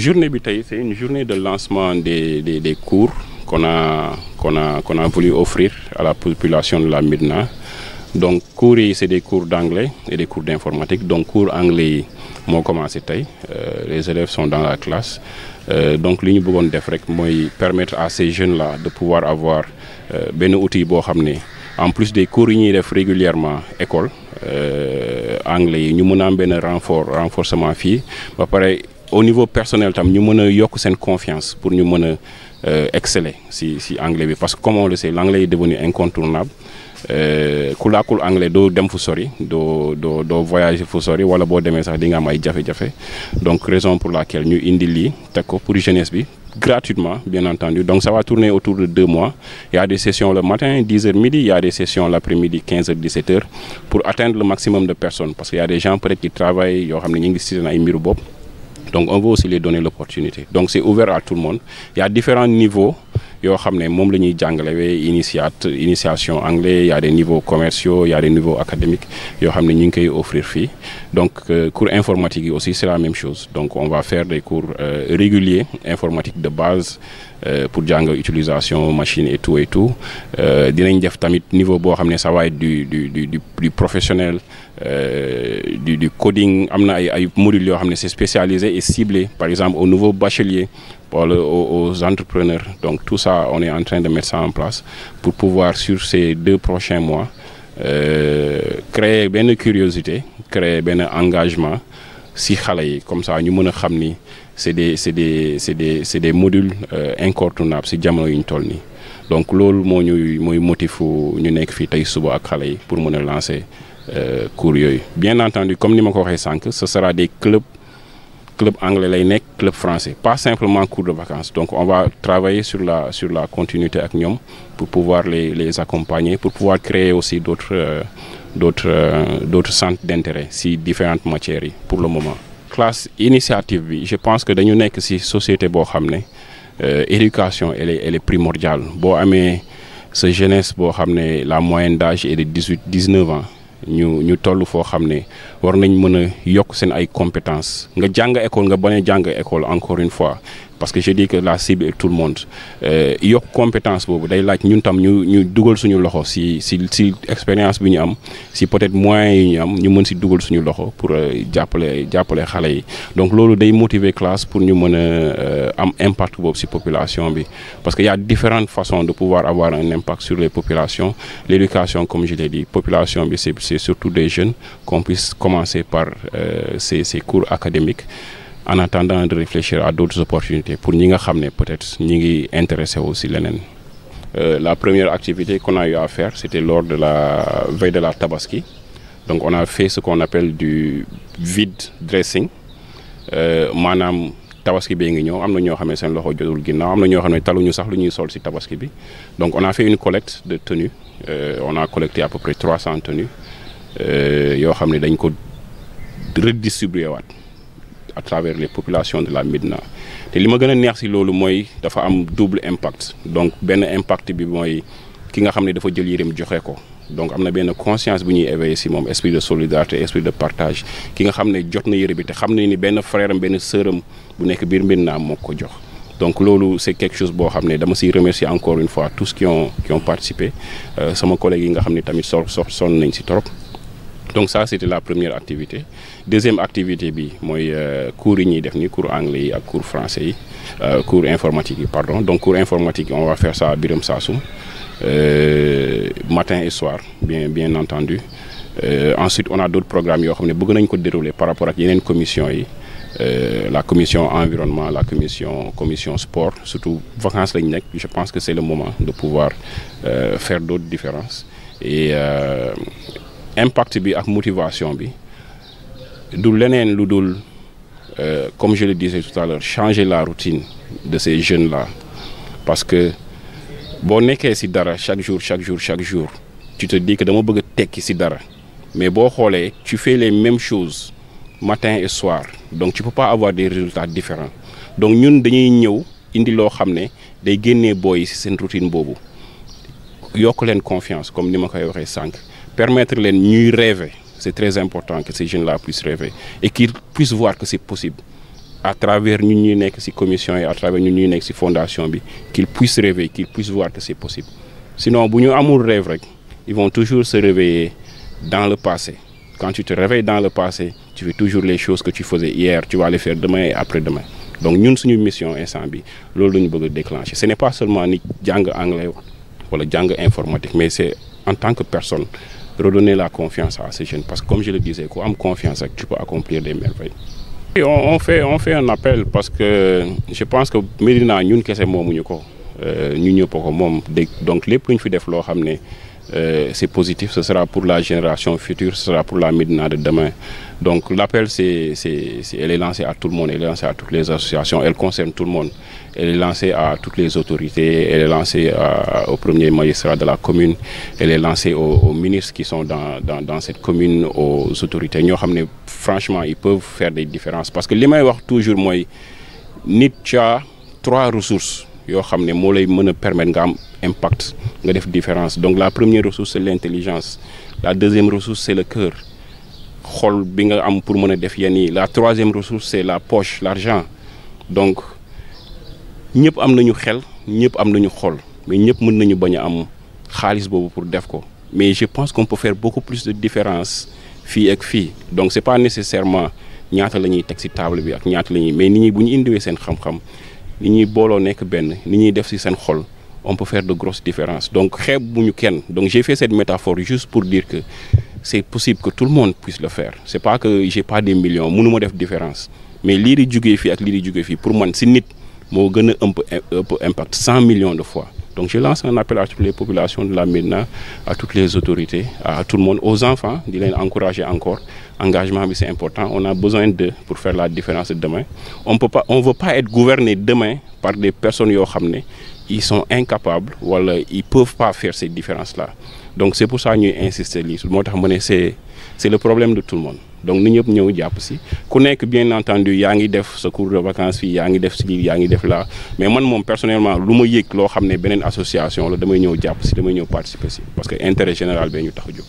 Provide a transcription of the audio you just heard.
journée bi tey c'est une journée de lancement des des des cours qu'on a kon a qu'on a voulu offrir à la population de la Médina donc cours yi c'est des cours d'anglais et des cours d'informatique donc cours anglais yi moo commencé tey euh, les élèves sont dans la classe euh, donc li ñu bëggoon def rek mooy permettre à ces jeunes la de pouvoir avoir euh, benn outil boo xam ne en plus des cours yi ñuy def régulièrement école euh, anglais yi ñu mun a am benn renfort renforcement fii au niveau personnel tam ñu mën a yokk seen confiance pour ñu mën a euh, exceller si si anglais bi parce que comme on le sait l'anglais est devenu incontournable euh, ku làkkul anglais doo dem fu sori doo doo doo voyager fu sori wala boo demee sax di nga ay jafe-jafe donc raison pour laquelle ñu indi lii teg ko pour jeunesse bi gratuitement bien entendu donc ça va tourner autour de deux mois il y a des sessions le matin 10 heures midi il de personnes parce que y a yoo xam ne ñu ngi si seen ay mbiru bopp Donc on veut aussi les donner l'opportunité. Donc c'est ouvert à tout le monde. Il y a différents niveaux yoo xam ne moom la ñuy jàngale initiate initiation anglais y a des niveaux commerciaux y a des niveaux yoo xam ne ñu ngi koy offrir fii donc euh, cours informatique yi aussi c'est la même chose donc on va faire des cours euh, de base euh, pour jàng utilisation machine et tout dinañ def tamit niveau boo xam ne ça va être du du du du du du coding am na ay ay modules yoo xam ne c'est spécialisé et ciblé par exemple au nouveau bachelier wala aux, aux entrepreneurs. Donc tout ça, on est en train de mettre ça en place pour pouvoir, sur ces deux prochains mois, euh, créer benn curiosité créer benn engagement ci xale yi comme ça ñu mën a xam ni c'est des c'est des c'est des c'est des modules euh, incontournables ci jamono yu ñu toll nii donc loolu moo ñuy mooy motifu ñu nekk fii tey suba ak xale yi pour mën a lancer euh, cours yooyu bien entendu comme ni ma ko waxee sànq ce sera des clubs club anglais lay nekk club français pas simplement cours de vacances donc on va travailler sur la sur la continuité ak ñoom pour pouvoir les les accompagner pour pouvoir créer aussi d'autres euh, d'autres euh, d'autres centres d'intérêt si différentes matières yi pour le moment classe initiative bi je pense que dañu nekk si société boo xam ne euh, éducation elle est elle est primordiale boo amee sa jeunesse boo xam ne la moyenne d'âge est de dix-huit dix-neuf ans ñu ñu toll foo xam ne war nañ mën a yokk seen ay compétences nga jàng école nga bañ jàng école encore une fois parce que je di que la cible est tout le monde euh, yokk compétence boobu day laaj ñun tam ñu ñu dugal suñu loxo si si si expérience bi ñu am si peut-être moyens yi ñu am ñu mën si dugal suñu loxo pour euh, jàppale jàppale xale yi donc loolu day motiver classe pour ñu mën a euh, am impact boobu si population bi parce que y a différentes façons de pouvoir avoir un impact sur les populations l'éducation comme je l'ai dit population bi c'est surtout des jeunes qu'on puisse commencer par ces ces cours académiques en attendant de réfléchir à d'autres opportunités pour ñi nga xam ne peut-être ñi ngi intéressé aussi leneen euh, la première activité qu'on a eu à c'était lors de la veille de la Tabaski donc on a fait ce qu'on appelle du vide dressing euh, maanaam tabaski bee ngi ñëw am na ñoo xam ne seen loxo jotul ginnaaw am na ñoo xam ne ñu sax lu ñuy sol si tabaski bi donc on a fait une collecte de tenues euh, on a collecté à peu près 300 tenues yoo xam ne dañ ko redistribuer waat à travers les populations de la Médina te li ma gën a neex si loolu mooy dafa am double impact donc benn impact bi mooy ki nga xam ne dafa jël yërëm joxe ko donc am na benn conscience bu ñuy éveiller si moom esprit de solidarité esprit de partage ki nga xam ne jot na yëre bi te xam ne ni benn frère am benn sœur am bu nekk biir Médina moo ko jox donc loolu c'est quelque chose boo xam ne dama siy remercier encore une fois tous qui ont qui ont participé euh, sama collègues yi nga xam ne tamit so so sonn nañ si trop donc ça c' était la première activité deuxième activité bi mooy euh, cours yi ñuy def ni cour anglais yi ak cour français yi euh, cour informatique yi pardon donc cours informatique on va faire ça à Biram Sassoum euh, matin et soir bien bien entendu ensuite on a d' autres programmes yoo xam ne bëgg nañ ko dérouler par rapport ak yeneen commission yi la commission environnement la commission commission sport surtout vacances lañ nekk je pense que c' le moment de pouvoir faire d' autres impact bi ak motivation bi du leneen lu dul euh, comme je le disais tout à changer la routine de ces jeunes là parce que boo nekkee si dara chaque jour chaque jour chaque jour tu te dis que dama bëgg a tekki si dara mais boo xoolee ci fais même mêmes choses matin et soir donc ci peux pas avoir des résultats différents donc ñun dañuy ñëw indi loo xam ne day génnee booy ci seen routine boobu yokk leen confiance comme ni ma koy waxee sànq. permettre leen ñuy rêver c'est très important que ces jeunes-là puissent rêver et qu'ils puissent voir que c'est possible à travers ñun ñuy nekk si commission yi à travers ñun ñuy nekk si fondation bi qu'ils puissent rêver qu'ils puissent voir que c'est possible sinon bu ñu amul rêve rek ils vont toujours se réveiller dans le passé quand tu te réveilles dans le passé tu fais toujours les choses que tu faisais hier tu vas les faire demain et après-demain donc ñun suñu mission instant bi loolu ñu bëgg a déclencher ni jàng anglais wala jàng informatique mais c'est en tant que personne redonner la confiance à ces jeunes. Parce que comme je le disais, quand on a confiance, peux accomplir des merveilles. on, on, fait, on fait un appel parce que je pense que Medina, kese ne sommes pas nous. Nous ne sommes pas Donc, les loo xam ne Euh, c'est positif, ce sera pour la génération future, ce sera pour la Midna de demain. Donc l'appel, c'est, elle lancée à tout le monde, elle est lancée à toutes les associations, elle concerne tout le monde. à toutes les autorités, elle est lancée à, aux premiers de la commune, elle est lancée aux, aux ministres qui sont dans, dans, dans, cette commune, aux autorités. Nous, franchement, ils peuvent faire des différences. Parce que les mains toujours, moi, Nietzsche a trois ressources. yoo xam ne moo lay mën a permettre nga am impact nga def différence donc la première ressource c'est l'intelligence la deuxième ressource c'est le cœur xol bi nga am pour mën a def yenn yi la troisième ressource c'est la poche l'argent donc ñëpp am nañu xel ñëpp am nañu xol mais ñëpp mën nañu bañ a am xaalis boobu pour def ko mais je pense qu'on peut faire beaucoup plus de différence fii ak fii donc c'est pas nécessairement ñaata la ñuy teg ci table bi ak ñaata la ñuy mais nit ñi bu ñu indiwee seen xam li ñuy booloo nekk benn li ñuy def si seen xol on peut faire de grosses différences donc xeeb bu ñu kenn donc j'ai fait cette métaphore juste pour dire que c'est possible que tout le monde puisse le faire c'est pas que j'ai pas des millions mënu def différence mais lii di jugee fii ak lii di jugee fii pour man ci nit moo gën a ëpp impact cent millions de fois donc je lance un appel à toutes les populations de la Médina à toutes les autorités à tout le monde aux enfants di leen encourager encore engagement bi c'est important on a besoin d'eux pour faire la différence de demain on peut pas on veut pas être gouverné demain par des personnes yoo xam ne ils sont incapables wala ils peuvent pas faire cette différence là donc c'est pour ça ñuy insister lii moo tax ma ne c'est c'est le problème de donc ni ñëpp ñëw jàpp si ku nekk bien entendu yaa ngi def sa cours de vacances fii yaa ngi def si lii yaa ngi def laa mais man moom personnellement lu ma yëg loo xam ne beneen association la damay ñëw jàpp si damay ñëw participer si parce que intérêt général bee ñu tax jóg